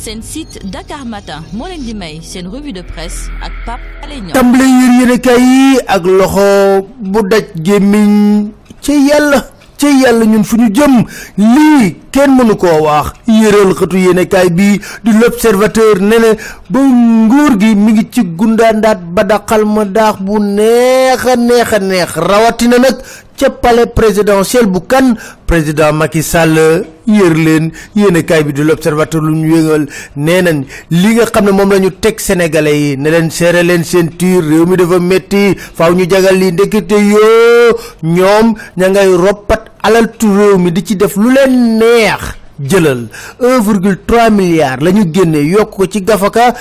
seen site Dakar Matin moo leen di may seen revue de presse ak Pape Alé Niang tàmbale yéen yéenekaay yi ak loxo bu daj gémmiñ ca yàlla ca yàlla ñun fu ñu jëm lii kenn mënu koo wax yëral xëtu yéenekaay bii di l'observateur ne ne ba nguur gi mu ngi ci gundaandaat ba daxal ma daax bu neex a neex a neex rawatina nag ca palais présidentiel bu kan président Macky sàll yër leen yéenekaay bi di l'observateur lu ñu yëngal nee nañ li nga xam ne moom lañu teg sénégalais yi ne leen seere leen seen tiir réew mi dafa métti faaw ñu jagal li ndekete yoo ñoom ña ngay roppat alaltu réew mi di ci def lu leen neex jëlal 1,3 milliard la ñu génnee yokk ko ci gafaka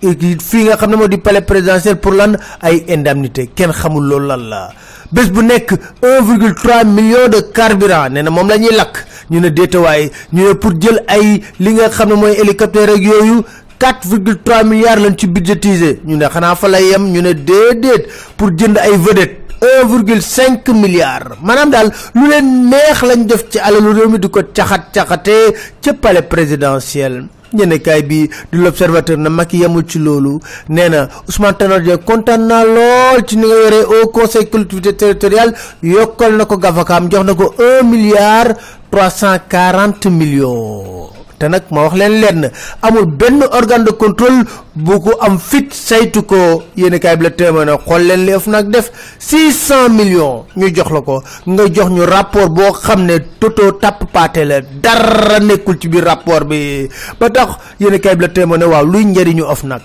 fii nga xam ne moo di pale présidentiel pour lan ay indemnité kenn xamul loolu lan la bés bu nekk 1,3 million de carburant nee na moom lañuy ñuy lakk ñu ne déetawaay ñu ne pour jël ay li nga xam ne mooy hélicoptère ak yooyu 4,3 milliards lañ ci budgétisé ñu ne xanaa fa la yem ñu ne déedéet pour jënd ay vedette un virgule cinq milliards maanaam daal lu leen neex lañ def ci alalu réew mi di ko caxat-caxatee ca palais présidentiel ñenekaay bi di l'observateur na Macky yemul ci loolu nee na Ousmane Tanor Dieng kontaan naa lool ci ni nga yoree au conseil collectivité territoriale yokkal na ko gafakaam jox na ko un milliard trois cent quarante millions te nag ma wax leen lenn amul benn organe de contrôle bu ko am fit saytu ko yéen kaay bi la téeméer xool leen li OFNAC def 600 million ñu jox la ko nga jox ñu rapport boo xam ne toto tàpp paate la dara nekkul ci biir rapport bi ba tax yéen kaay bi la téeméer waaw luy njëriñu OFNAC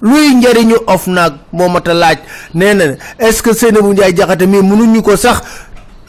luy njëriñu OFNAC moo mat a laaj nee na est-ce que Seynabou Ndiaye Diakhaté mii mënuñu ko sax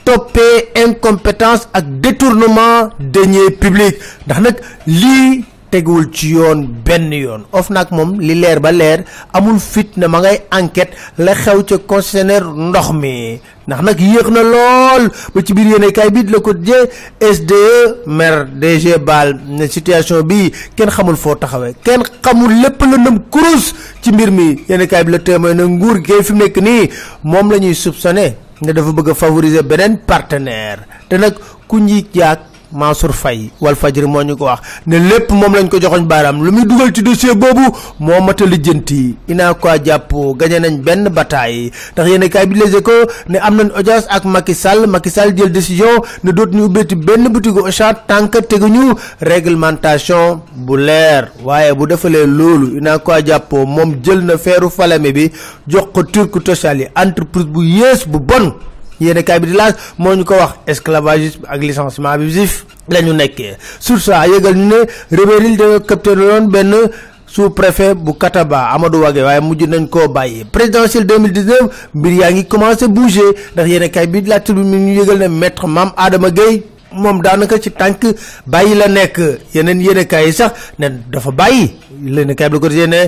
toppee incompétence ak détournement deniers publics ndax nag lii teguwul ci yoon benn yoon nag moom li leer ba leer amul fit ne ma ngay enquête la xew ca concessionnaire ndox mi ndax nag yéex na lool ba ci biir yéene kaay bi Le Quotidien SDE maire DG Bal ne situation bi kenn xamul foo taxawee kenn xamul lépp la ndëm kurus ci mbir mi yéene kaay bi la témoin na nguur gi fi nekk nii moom la ñuy soupçonné ne dafa bëgg a favoriser beneen partenaire te nag ku njiit yaag fay Faye Walfadjri moo ñu ko wax ne lépp moom lañ ko joxoñ baaraam lu muy dugal ci dossier boobu moo mat a lijjant yi inaa ko jàppoo gañe nañ benn bataay ndax yéen kaay bi Les Échos ne am nañ audience ak Macky Sall Macky Sall jël décision ne dootuñu ubbeeti benn boutique Auchan tànk teguñu réglementation bu leer waaye bu defalee loolu inaa ko jàppoo moom jël na feeru falame bi jox ko turc tosal yi entreprise bu yées bu bon yéen kaay bi di laaj moo ñu ko wax esclavagisme ak licenciement abusif la ñu nekkee sur ça yëgal ñu ne Rebéril dañoo capté loon benn sous-préfet bu Kataba Amadou Wage waaye mujj nañ koo bàyyi présidentielle 2019 mbir yaa ngi commencé bouger ndax yéen kaay bi di laaj tur bi ñu yëgal ne maître Mame Adama Gueye moom daanaka ci tànk bàyyi la nekk yeneen yéenekaay yi sax ne dafa bàyyi yéenekaay bi la ko disee ne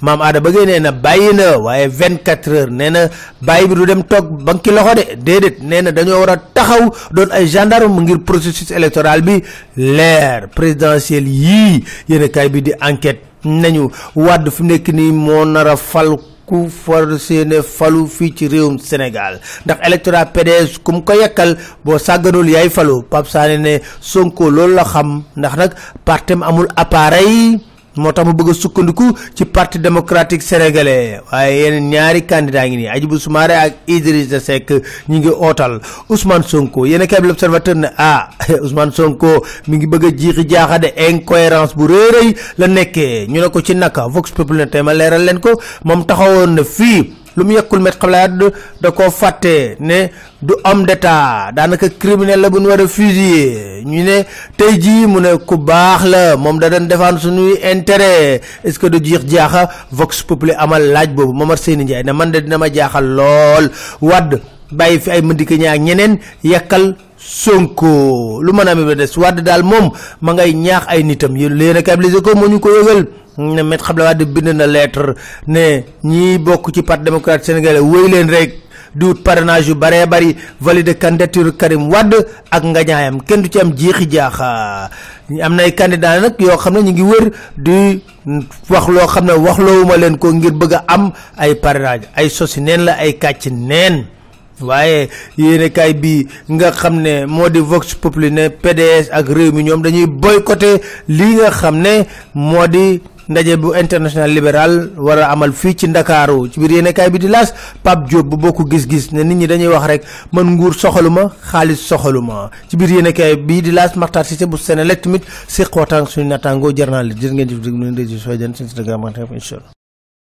maam aada ba génnee na bàyyi na waaye vingt quatre heures nee na bàyyi bi du dem toog banki loxo de déedéet nee na dañoo war a taxaw doon ay gendarme ngir processus électoral bi leer présidentiel yii yéenekaay bi di enquête nañu wàdd fi nekk nii moo nar a fal ku far seene falu fii ci réewum Sénégal ndax électorat PDS ku mu ko yakkal boo sàgganul yaay falu Pape Sané ne Sonko loolu la xam ndax nag partem amul appareil moo tax mu bëgg sukkandiku ci parti démocratique sénégalais waaye yeneen ñaari candidat ngi nii Hadjibou Soumaré ak Idrissa Seck ñu ngi ootal Ousmane Sonko yéen a kaay bi l'observateur ne ah Ousmane Sonko mi ngi bëgg a jiixi jaaxa de incohérence bu rëy rëy la nekkee ñu ne ko ci naka Vox Populi tey ma leeral leen ko moom taxawoon na fii. lu mu yekkul met xam laa da koo fàtte ne du homme d'état daanaka criminel la bu ñu war a fusiller ñu ne tey jii mu ne ku baax la moom da doon defaan suñuy intérêt est-ce que du jiix jaaxa vox populer amal laaj boobu Momar Seyni Ndiaye ne man de dina ma jaaxal lool wadd bàyyi fi ay mëndika ñaa ñeneen yekkal Sonko lu mën a amee ba des Wade daal moom ma ngay ñaax ay nitam yéen léegi nag Les Échos moo ñu ko yëgal ne Maître Abdoulaye Wade bind na lettre ne ñiy bokk ci parti démocrate sénégalais wéy leen rek di wut parrainage yu baree bari valide candidature Karim wadd ak ngañaayam kenn du ci am jeexi jaaxa am na ay candidats nag yoo xam ne ñu ngi wër du wax loo xam ne wax loowuma leen ko ngir bëgg a am ay parrainage ay sosi neen la ay kàcc neen. waaye yéenekaay bi nga xam ne moo di Vox Populi ne PDS ak réew mi ñoom dañuy boy boycotté li nga xam ne moo di ndaje bu international libéral war a amal fii ci ndakaaru ci biir yéenekaay bi di laas Pape Diop bu bokk gis-gis ne nit ñi dañuy wax rek man nguur soxaluma xaalis soxaluma ci biir yéenekaay bi di laas Makhtar Cissé bu Senelec tamit si xootaan suñu nattaangoo journaliste jërë ngeen jëf déglu leen rajo Sow Diané seen Instagram ak